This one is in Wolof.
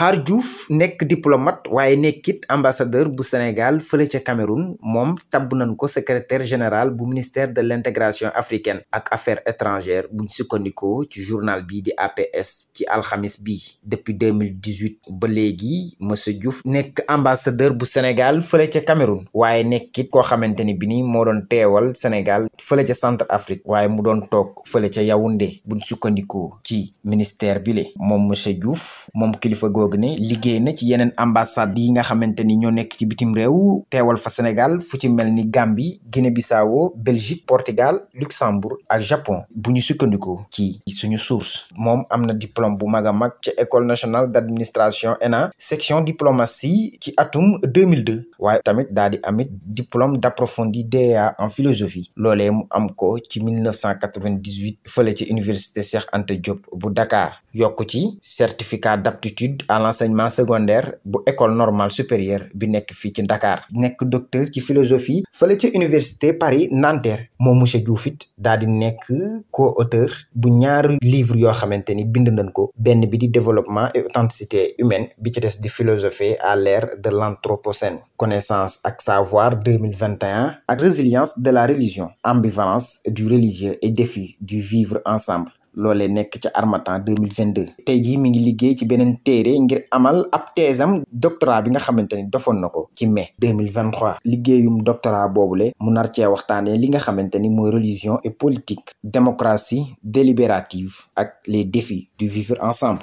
Khar Diouf nekk diplomate waaye nekkit ambassadeur bu Sénégal fële ca Cameroun moom tabb nañ ko secrétaire général bu ministère de l'intégration africaine ak affaires étrangères buñ sukkandikoo ci journal bi di APS ci alxamis bi depuis 2018 ba léegi monsieur Diouf nekk ambassadeur bu Sénégal fële ca Cameroun waaye nekkit koo xamante ni bi ni moo doon teewal Sénégal fële ca Centre Afrique waaye mu doon toog fële ca Yaoundé buñ sukkandikoo ci ministère bi moom Diop liggéey na ci yeneen ambassade yi nga xamante ni ñoo nekk ci bitim réew teewal fa Sénégal fu ci mel ni Gambie Guinée Bissau Belgique Portugal Luxembourg ak Japon bu ñu sukkandikoo ci suñu source moom am na diplôme bu mag a mag ca école nationale d'administration ENA section diplomatie ci atum 2002 waaye tamit daal di amit diplôme d'approfondi DEA en philosophie loole mu am ko ci 1998 fële ci université Cheikh Anta Diop bu Dakar yokk ci certificat d'aptitude à l'enseignement secondaire bu école normale supérieure bi nekk fii ci Dakar nekk docteur ci philosophie fële ci université Paris Nanterre moo monsieur Diouf it daal di nekk co-auteur bu ñaari livre yoo xamante ni bind nañ ko benn bi di développement et authenticité humaine bi ci des di philosophie à l'ère de l'anthropocène connaissance ak savoir 2021 ak résilience de la religion ambivalence du religieux et défi du vivre ensemble loole nekk ca Harmattan 2022 tey jii mi ngi liggéey ci beneen téere ngir amal ab teesam doctorat bi nga xamante ni defoon na ko ci mai 2023 liggéeyum doctorat boobule mu nar cee waxtaanee li nga xamante ni mooy religion et politique démocratie délibérative ak les défis du vivre ensemble